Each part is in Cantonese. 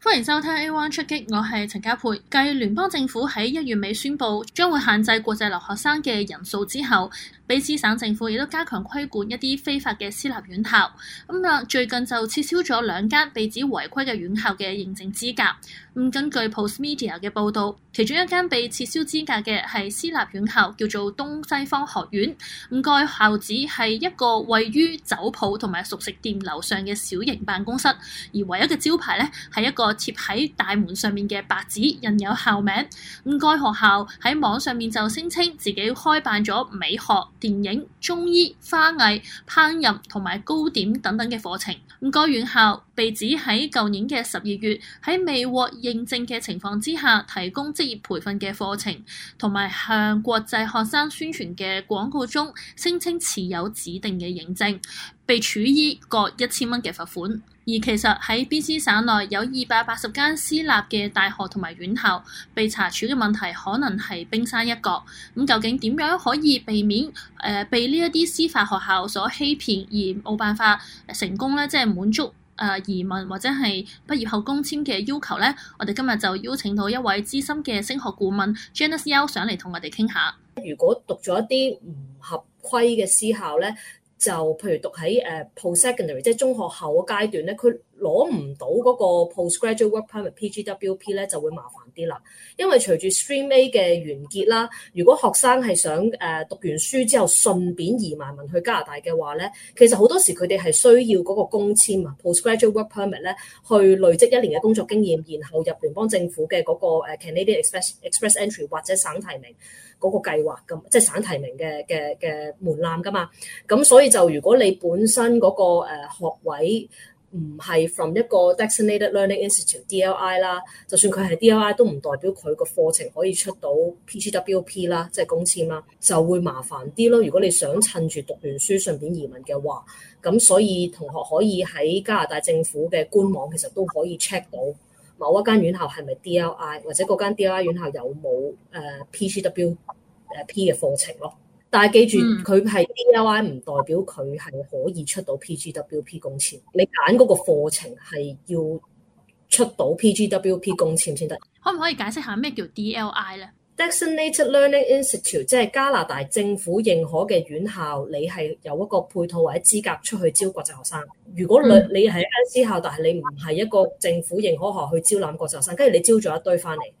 歡迎收聽 A One 出擊，我係陳家培。繼聯邦政府喺一月尾宣布將會限制國際留學生嘅人數之後，卑詩省政府亦都加強規管一啲非法嘅私立院校。咁啦，最近就撤銷咗兩間被指違規嘅院校嘅認證資格。咁根據 Postmedia 嘅報道，其中一間被撤銷資格嘅係私立院校，叫做東西方學院。唔該，校址係一個位於酒鋪同埋熟食店樓上嘅小型辦公室，而唯一嘅招牌呢係一個。貼喺大門上面嘅白紙印有校名，咁該學校喺網上面就聲稱自己開辦咗美學、電影、中醫、花藝、烹飪同埋糕點等等嘅課程，咁該院校被指喺舊年嘅十二月喺未獲認證嘅情況之下提供職業培訓嘅課程，同埋向國際學生宣傳嘅廣告中聲稱持有指定嘅認證，被處以各一千蚊嘅罰款。而其實喺卑詩省內有二百八十間私立嘅大學同埋院校被查處嘅問題，可能係冰山一角。咁究竟點樣可以避免、呃、被呢一啲司法學校所欺騙而冇辦法成功呢？即係滿足。誒移民或者係畢業後工簽嘅要求咧，我哋今日就邀請到一位資深嘅升學顧問 Janice Y 上嚟同我哋傾下。如果讀咗一啲唔合規嘅私校咧，就譬如讀喺誒 post secondary，即係中學後嘅階段咧，佢。攞唔到嗰個 Postgraduate Work Permit（PGWP） 咧，就會麻煩啲啦。因為隨住 Stream A 嘅完結啦，如果學生係想誒讀完書之後順便移民民去加拿大嘅話咧，其實好多時佢哋係需要嗰個公簽啊，Postgraduate Work Permit 咧，去累積一年嘅工作經驗，然後入聯邦政府嘅嗰個 Canadian Express Express Entry 或者省提名嗰個計劃咁，即係省提名嘅嘅嘅門檻㗎嘛。咁所以就如果你本身嗰個誒學位，唔係 from 一個 designated learning institute DLI 啦，就算佢係 DLI 都唔代表佢個課程可以出到 PCWP 啦，即係工簽啦，就會麻煩啲咯。如果你想趁住讀完書順便移民嘅話，咁所以同學可以喺加拿大政府嘅官網其實都可以 check 到某一間院校係咪 DLI，或者嗰間 DLI 院校有冇誒 PCW 誒 P 嘅課程咯。但係記住，佢係 D.L.I. 唔代表佢係可以出到 P.G.W.P. 工簽。你揀嗰個課程係要出到 P.G.W.P. 工簽先得。可唔可以解釋下咩叫 D.L.I. 咧？Destinated Learning Institute，即係加拿大政府認可嘅院校，你係有一個配套或者資格出去招國際學生。如果你你係一間私校，但係你唔係一個政府認可學校去招攬國際學生，跟住你招咗一堆翻嚟。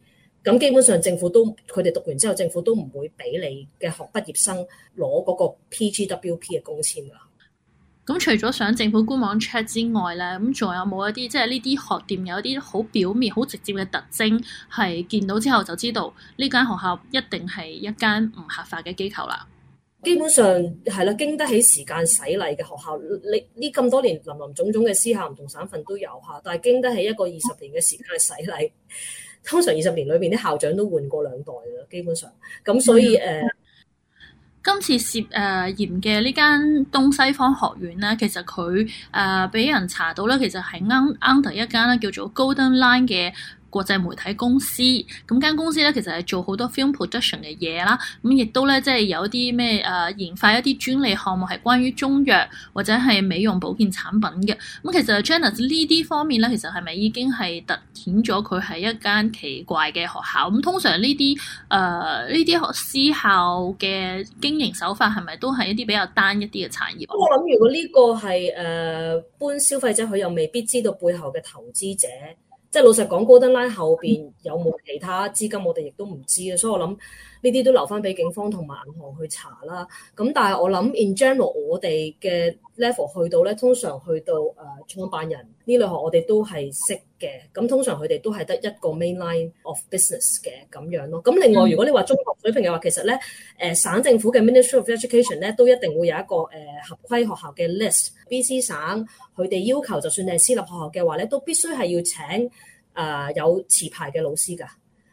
咁基本上政府都佢哋讀完之後，政府都唔會俾你嘅學畢業生攞嗰個 PGWP 嘅工簽噶。咁除咗上政府官網 check 之外咧，咁仲有冇一啲即係呢啲學店有一啲好表面、好直接嘅特徵，係見到之後就知道呢間學校一定係一間唔合法嘅機構啦。基本上係啦，經得起時間洗禮嘅學校，你呢咁多年林林種種嘅私校，唔同省份都有吓，但係經得起一個二十年嘅時間嘅洗禮。 通常二十年裏邊啲校長都換過兩代喇。基本上咁所以誒，嗯 uh, 今次涉誒嫌嘅呢間東西方學院咧，其實佢誒俾人查到咧，其實係 under 一間咧叫做 Golden Line 嘅。國際媒體公司，咁間公司咧，其實係做好多 film production 嘅嘢啦。咁、嗯、亦都咧，即係有啲咩誒研發一啲專利項目係關於中藥或者係美容保健產品嘅。咁其實 Jenna 呢啲方面咧，其實係咪已經係突顯咗佢係一間奇怪嘅學校？咁、嗯、通常呢啲誒呢啲學私校嘅經營手法係咪都係一啲比較單一啲嘅產業？我諗如果呢個係誒，般、呃、消費者佢又未必知道背後嘅投資者。即係老實講，高登拉後邊，有冇其他資金，嗯、我哋亦都唔知嘅，所以我諗。呢啲都留翻俾警方同埋銀行去查啦。咁但係我諗，in general，我哋嘅 level 去到呢，通常去到誒、呃、創辦人呢類學我，我哋都係識嘅。咁通常佢哋都係得一個 main line of business 嘅咁樣咯。咁另外，如果你話中學水平嘅話，其實呢誒、呃、省政府嘅 Ministry of Education 呢，都一定會有一個誒、呃、合規學校嘅 list。BC 省佢哋要求，就算你係私立學校嘅話呢都必須係要請誒、呃、有持牌嘅老師㗎。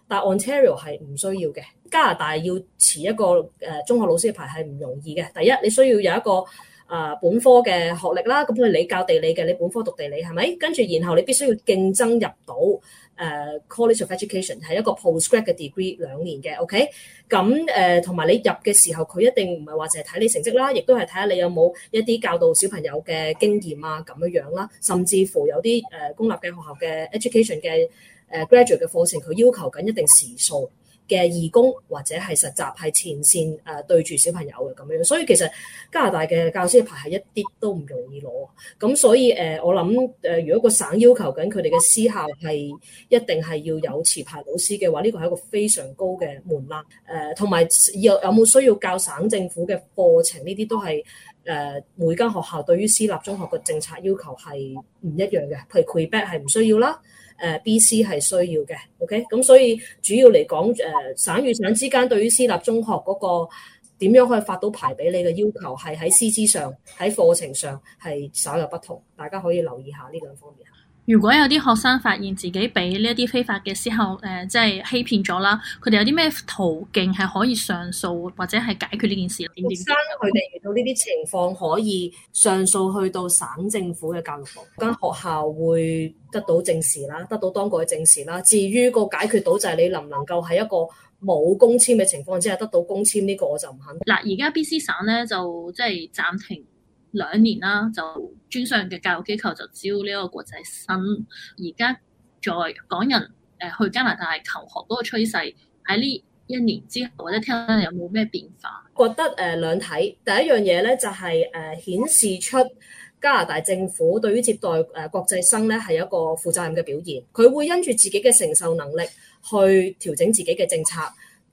但 Ontario 係唔需要嘅，加拿大要持一個誒中學老師嘅牌係唔容易嘅。第一，你需要有一個啊、呃、本科嘅學歷啦，咁佢你教地理嘅，你本科讀地理係咪？跟住然後你必須要競爭入到誒、呃、College of Education 係一個 postgraduate degree 兩年嘅，OK。咁誒同埋你入嘅時候，佢一定唔係話淨係睇你成績啦，亦都係睇下你有冇一啲教導小朋友嘅經驗啊咁樣樣啦，甚至乎有啲誒、呃、公立嘅學校嘅 education 嘅。誒 graduate 嘅課程佢要求緊一定時數嘅義工或者係實習係前線誒對住小朋友嘅咁樣，所以其實加拿大嘅教師嘅牌係一啲都唔容易攞，咁所以誒我諗誒如果個省要求緊佢哋嘅私校係一定係要有持牌老師嘅話，呢個係一個非常高嘅門檻誒，同、呃、埋有有冇需要教省政府嘅課程呢啲都係誒、呃、每間學校對於私立中學嘅政策要求係唔一樣嘅，譬如 Quebec 係唔需要啦。誒 BC 係需要嘅，OK，咁所以主要嚟講誒省與省之間對於私立中學個點樣可以發到牌俾你嘅要求，係喺師資上、喺課程上係稍有不同，大家可以留意下呢兩方面。如果有啲學生發現自己俾呢一啲非法嘅時候，誒即係欺騙咗啦，佢哋有啲咩途徑係可以上訴或者係解決呢件事啊？點樣點樣？學生佢哋遇到呢啲情況，可以上訴去到省政府嘅教育局，間學校會得到證實啦，得到當局嘅證實啦。至於個解決到就係你能唔能夠喺一個冇公簽嘅情況之下得到公簽呢個，我就唔肯。嗱，而家 BC 省咧就即係暫停。兩年啦，就專上嘅教育機構就招呢個國際生。而家在，在港人誒去加拿大求學嗰個趨勢喺呢一年之後，或者聽有冇咩變化？覺得誒、呃、兩睇，第一樣嘢咧就係、是、誒、呃、顯示出加拿大政府對於接待誒國際生咧係一個負責任嘅表現。佢會因住自己嘅承受能力去調整自己嘅政策，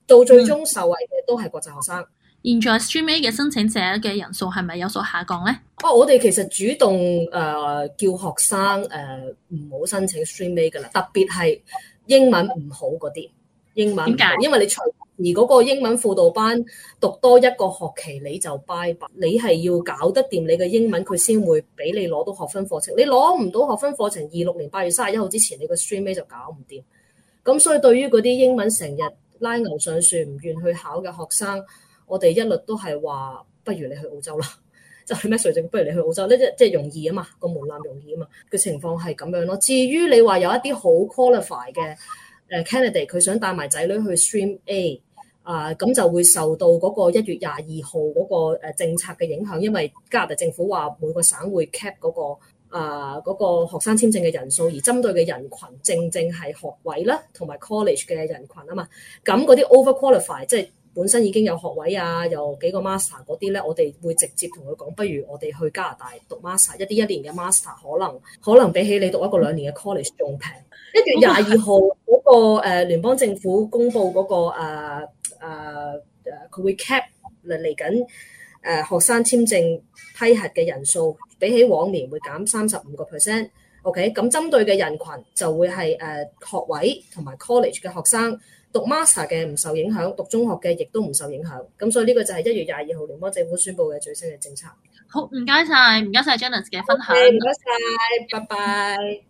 到最終受惠嘅都係國際學生。現在 stream A、er、嘅申請者嘅人數係咪有所下降呢？哦、啊，我哋其實主動誒、呃、叫學生誒唔好申請 stream A 噶啦，特別係英文唔好嗰啲英文，點解？因為你除而嗰個英文輔導班讀多一個學期，你就拜拜，你係要搞得掂你嘅英文，佢先會俾你攞到學分課程。你攞唔到學分課程，二六年八月三十一號之前，你個 stream A、er、就搞唔掂。咁所以對於嗰啲英文成日拉牛上樹，唔願去考嘅學生。我哋一律都係話，不如你去澳洲啦，就係咩稅政，不如你去澳洲呢，即即容易啊嘛，個門檻容易啊嘛，個情況係咁樣咯。至於你話有一啲好 qualify 嘅誒 candidate，佢想帶埋仔女去 stream A 啊，咁就會受到嗰個一月廿二號嗰個誒政策嘅影響，因為加拿大政府話每個省會 cap 嗰個啊嗰個學生簽證嘅人數，而針對嘅人羣正正係學位啦，同埋 college 嘅人羣啊嘛，咁嗰啲 over qualify 即係。本身已經有學位啊，有幾個 master 嗰啲呢，我哋會直接同佢講，不如我哋去加拿大讀 master，一啲一年嘅 master 可能可能比起你讀一個兩年嘅 college 仲平。一月廿二號嗰個誒聯邦政府公布嗰、嗰個誒佢、啊啊、會 cap 嚟嚟緊學生簽證批核嘅人數，比起往年會減三十五個 percent。OK，咁針對嘅人群就會係誒、啊、學位同埋 college 嘅學生。讀 master 嘅唔受影響，讀中學嘅亦都唔受影響。咁所以呢個就係一月廿二號聯邦政府宣布嘅最新嘅政策。好，唔該晒，唔該晒 Janice 嘅分享。唔該晒，拜拜。拜拜。